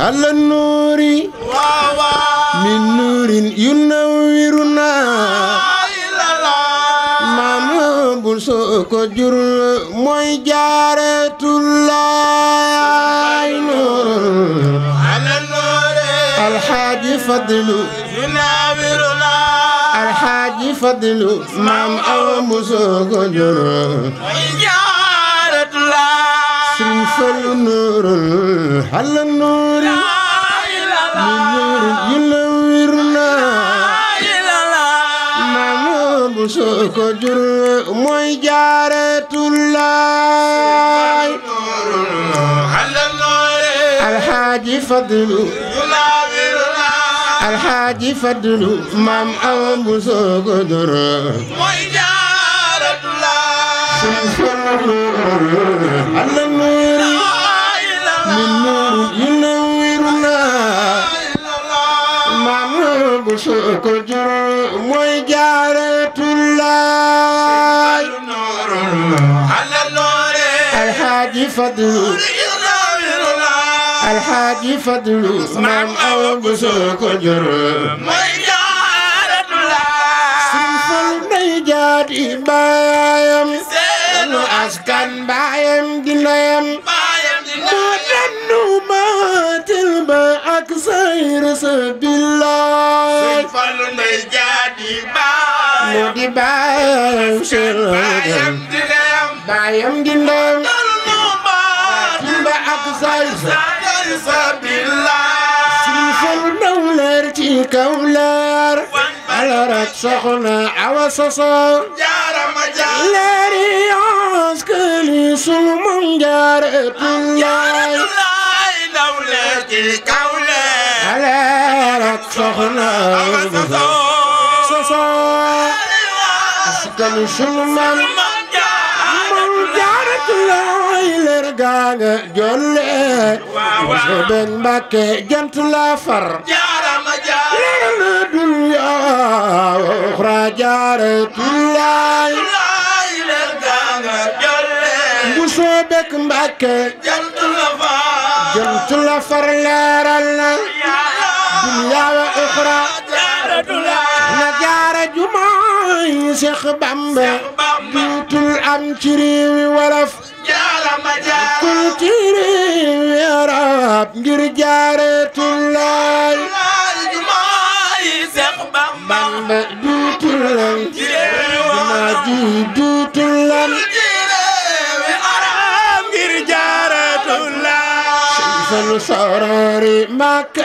على النور من نور ينورنا مام بلسوك جرل موي جارة الله نور على النور الحاج فضل ينورنا الحاج فضل مام أو بلسوك جرل موي جارة فالنور على النور ينورنا نعم بسوك جر موي جارة الله على النور الحاج فضل الحاج فضل مام أبو بسوك جر موي جارة الله على النور من نور ينورنا مام بسوك جر موي جارة الله نور على النور الحاج فضل الحاج فضل مام أو بسوك جر موي جارة الله سنفل نيجاد إبايم سنو أسكن بايم دنايم billaay fallu ndey jaadi baay mu di baayam seen baayam di ndeyam baayam di ndeyam dallu baay timba ak saay sa billaay si fallu ndaw leer ci kaw leer ala rak soxna awa soso jaarama jaar leer yoos këli sunu moom jaare tullaay ndaw leer ci kaw leer ak soxna Buso sosoo askan sunu leer gaa nga jolle dunya wa uxra na jaara jumaay Seex Bamba duutul am ci réewi wolof kul ci réewi arab ngir jaareetul laay Bamba duutul am ci réewi wolof duutul am ci réewi arab ngir jaareetul laay sunu sorori Makka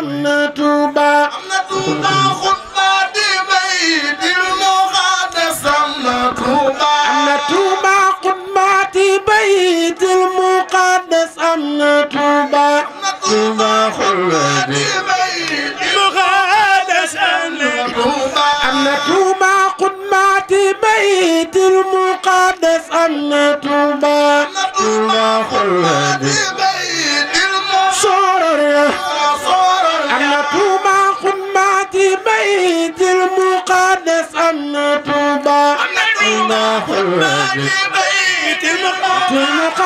am na Tuuba am na Tuuba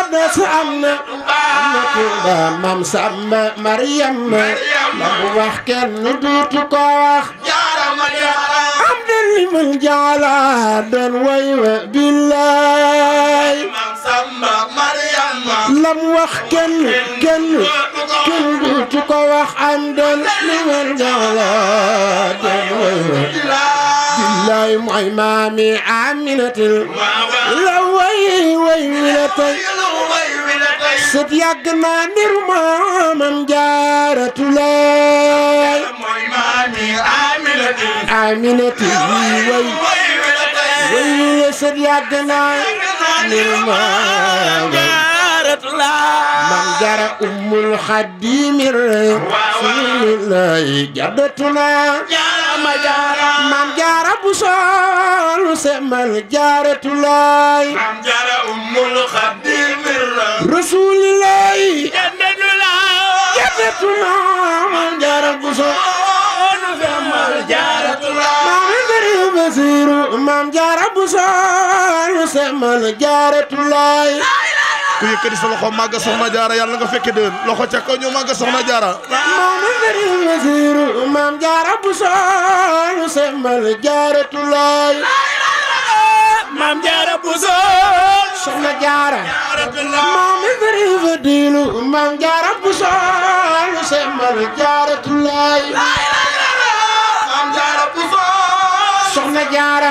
Tuubaa su am na am na Tuubaa mam Samba Mariam la mu wax kenn dootu ko wax am na li man jaala doon way wa billaay mam Samba Mariam la mu wax kenn kenn kenn dootu ko wax am doon li man jaala doon way wa billaay mooy maami Aminatul la way way wilatay sët yàgg naa niru maamam jaaratu laay mooy maami aminati aminati way way sët yàgg naa niru maamam jaaratu laay man jara ummul xadimir jaara maam jaara bu sol semal jaaratu jaara ummul xadimir rasulillahi jannatu maam jaara buso nu fi jaara tula maam sari basiru jaara buso nu semal jaara tulaay ku loxo màgg soxna jaara yàlla nga fekke déwén loxo ca kaw ñu màgg soxna jaara maam sari basiru maam jaara buso nu semal jaara tulaay maam jaara buso soxna jaara maam Ibrahima diinu maam jaara bu sooru sembal jaara tullaay maam jaara bu sooru soxna jaara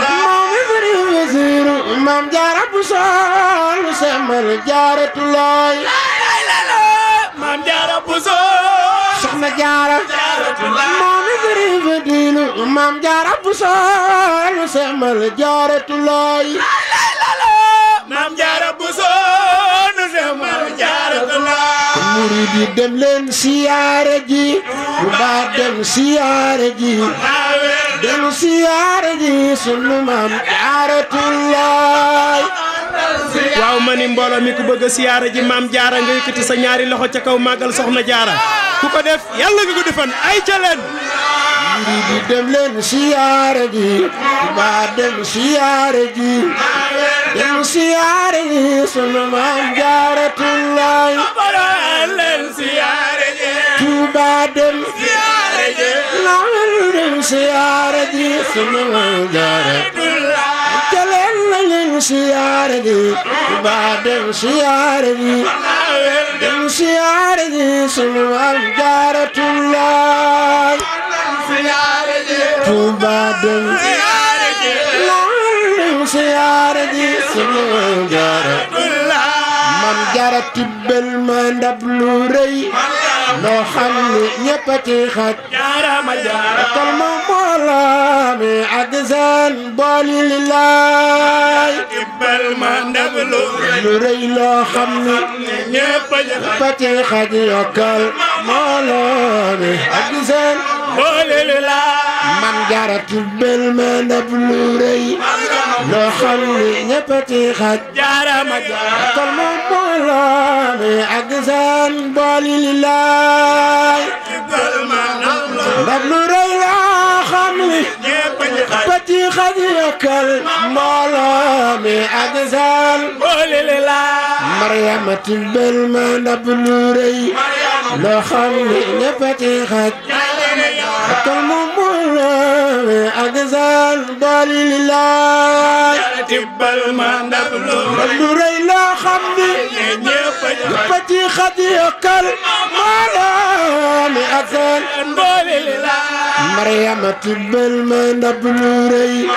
maam Ibrahima diinu maam jaara bu sooru sembal jaara tullaay maam jaara bu sooru soxna jaara maam Ibrahima diinu maam jaara bu sooru sembal jaara tullaay maam jaara buso nu seex maam jaara buso murid yi dem leen siyaare ji bu baax dem siyaare ji dem siyaare ji sunu maam jaaratullaay waaw ma ni mbooloo mi ku bëgg siyaara ji maam jaara nga yëkkati sa ñaari loxo ca kaw màggal soxna jaara ku ko def yàlla nga gudd fan ay ca leen di dem leen siyaare ji ba dem siyaare ji dem siyaare ji sunu maam siyaare ji Tuuba dem ji laal dem siyaare ji sunu jaara mam jaara tibbel ma ndab lu rëy lu rëy loo xam ni ñépp a ci xaj yokkal moolaami ak seen man jaaratul bel ma ndab lu rëy loo xam ni ñëpp a ci xaj jaarama jaara kon moom moo laame ak seen booli lilaay ndab lu rëy loo xam ni ñëpp a ci xaj yokkal moo laame ak seen booli lilaay mariamatul bel ma ndab lu rëy loo xam ni ñëpp a ci xaj أجزال بالي لله تبال ما نبلو نبلو لا خمي نبتي خدي أكل بالي مريم تبال ما نبلو ري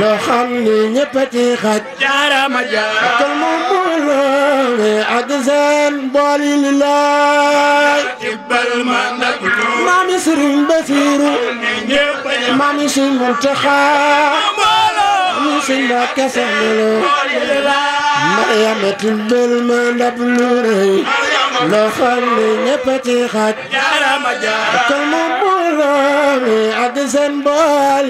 لا خمي نبتي خد جارة مجارة أكل ممولو أجزال بالي لله jëbbal ma naglu maami Sëriñ Basiru maami Sëriñ Muntaxa maami Sëriñ Mbàkke Saxlu Mariama tibbal ma ndab lu rëy loo xam ne ñëpp ci xaj jaarama jaar kon mu mbooloo mi ak seen bool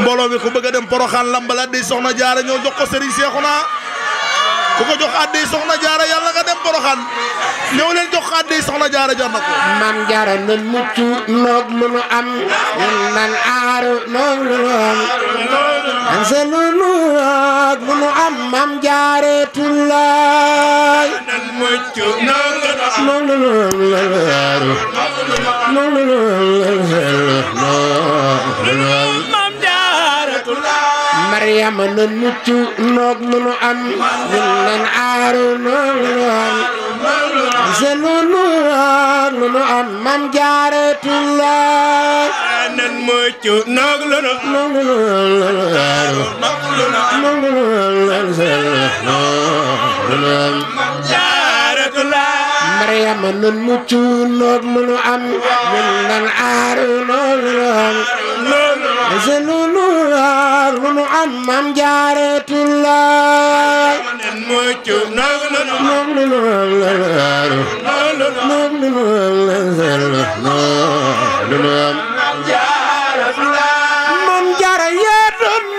mbooloo mi ku bëgg a dem Poroxaan lambalaat di soxna jaara ñoo jox ko Sëriñ Seexuna ku ko jox addi soxna jaara yàlla nga dem boroxaan ñëw leen jox addi soxna jar na jaara na mucc noog nan aaru noog lu nu am an se lu noog lu nu am maam nu am noog lu nu am yama na muccu noog munu am ñun nan aaru noog munu am selu noog munu am mam jaaratula nan muccu noog lunu noog munu aaru noog munu Maryam nun muccu noot lu nu am nu am se lu nu aar lu nu nu am lu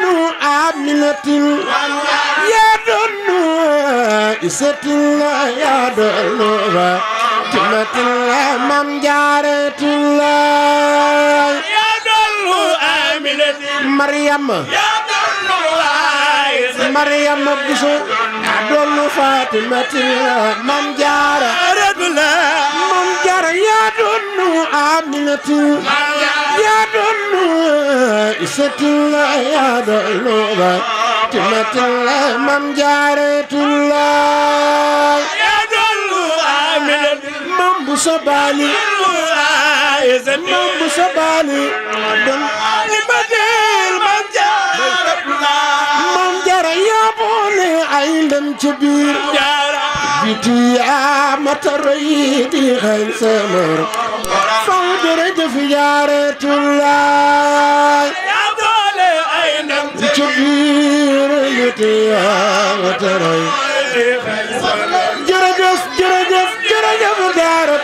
nu aaru إسرت الله يا دلوة تمت الله من جارت الله يا دلو آمنة مريم يا دلو مريم بسو دلو فاطمة الله من جارت الله من جار يا دلو آمنة يا دلو إسرت الله يا دلوة fatimatullah mam jaaretullah ya dollu amilan mam bu sabali mam bu sabali don ali badel mam jaaretullah mam jaara ya boole ay ndam ci biir jaara biti ya mataridi xel samar faw jërëjëf jaaretullah jërëjëf jërëjëf jërëjëf daara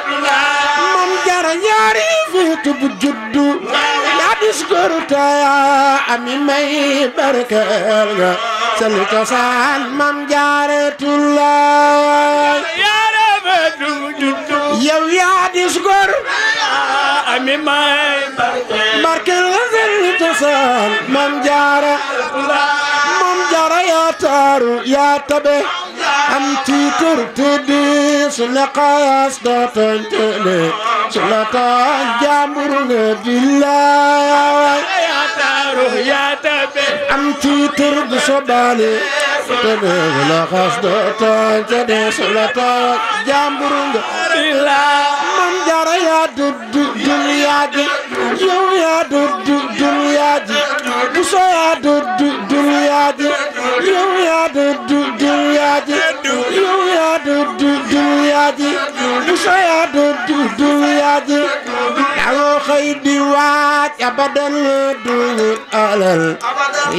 moom jara ñaari féetu bu juddu yaa discours ta ami may barkeel nga sali cosaan mam jaare tullaay yow yaa discours ami may barkeel yaar yaa tabe am tiitur tuddi su la xaas dootoon tële su la taan jàmbur nga dillaay yaa tabe am tiitur bu sobaale tële su la xaas dootoon tële su la taan jàmbur nga dillaay jara yaa dudd duniyaa ji yow yaa dudd duniyaa ji bu soo yaa dudd duniyaa ji abadan duñu alal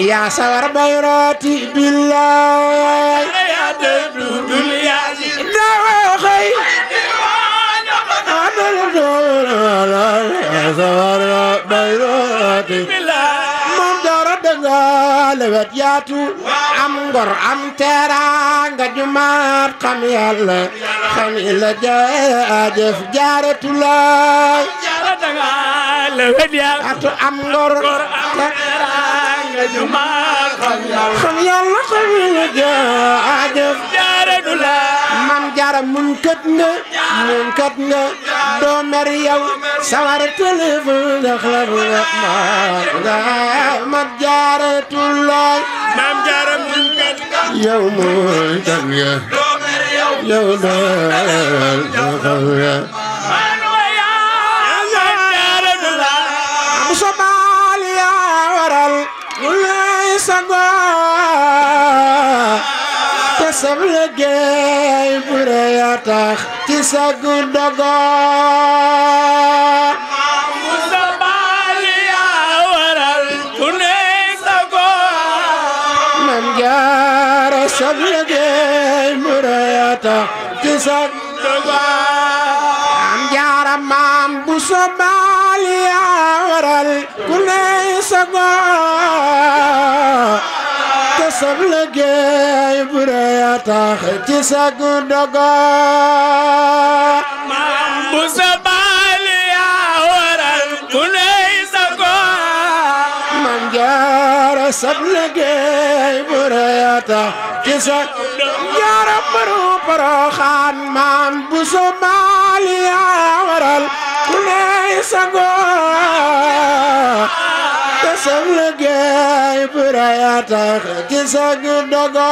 yaa sawar bay rooti billaay yaa dëddu duniyaa si daawoo xëy adal doon alal yaa sawar bay rooti nga lewet yaatu am ngor am teraanga ju maat xam yàlla xam ila jaajëf jaaratu laay lewet jaara mun kat nga mun kat nga doo mer yow sawar téléphone ndax la nga maa ma jaara tullaay maam jaara mun kat nga yow mun kat nga doo mer yow yow doo mer yow tax ci sagu dogo jaara sag liggéey mu reyata ci sag dogo am jaara maam bu sobaali yaa waral ku ney sab liggéey bu rëy a tax ci sa gundogo maam bu sa baali yaa waral ku ney sa go maam jaara sab liggéey bu rëy a tax ci sa jaara baru paroxaan maam bu sa baali yaa waral ku ney sa go te sab liggéey ibra ya tax gi sag dogo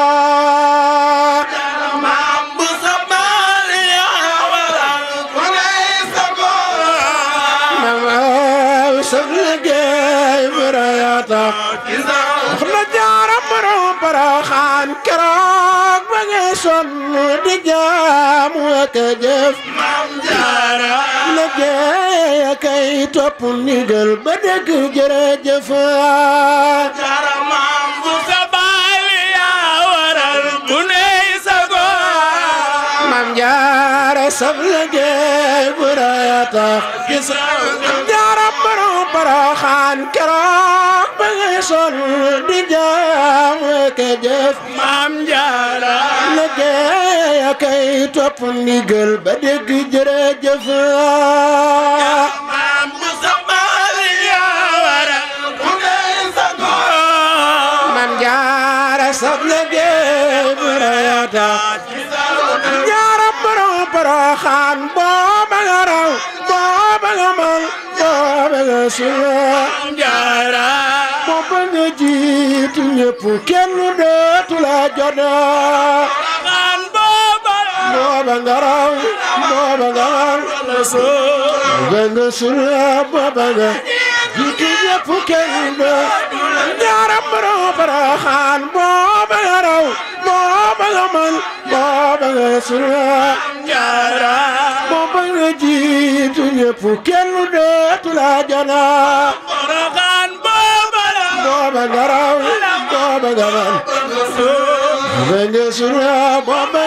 poroxaan keroog ba ngay sonn di jaamu ak a jëf maam jaara liggéey topp ndigal ba dëgg jërëjëf jaara maam bu sa baali yaa waral bu sa goor maam jaara sab liggéey bu raya tax gis jaara borom poroxaan keroog sol di jaam ak jëf maam jaara liggéey ak ay topp ndigal ba dégg jërëjëf maam bu sabali yaa wara ku ngay sagoo maam jaara sab liggéey bu rayata jaara borom poroxaan booba nga raw booba nga man booba nga suwa maam jaara ko bañ a jiitu ñëpp kenn dootu la jota booba nga raw booba nga raw booba nga sura booba nga jiitu ñëpp kenn dootu la ñaaram borom baraxaan booba nga raw booba nga man booba nga sura ñaaram booba nga jiitu ñëpp kenn dootu la jota bomba garaaw bomba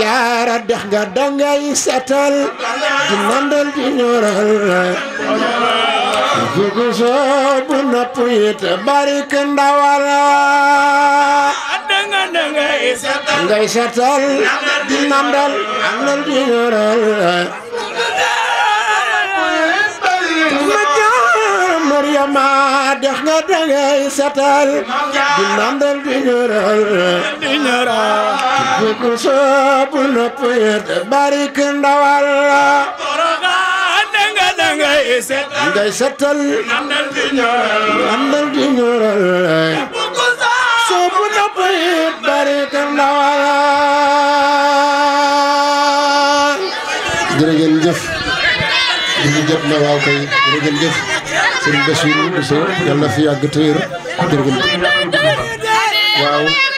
jaara dex ga dangay setal di nandal di ñoral jugu soobu napp yit barik ndawala dangay nandal nandal di ñoral jamaa dex nga dangay setal di nandal di ñëral di ñëral bu ko soobul nopp yët barik ndawal ngay setal ngay setal nandal di ñëral nandal di ñëral bu ko soobul nopp yët barik ndawal jërëjëf jërëjëf ne waaw kay jërëjëf sëriñ Bachir Bousso yàlla na fi yàgg téer jërëjëf waaw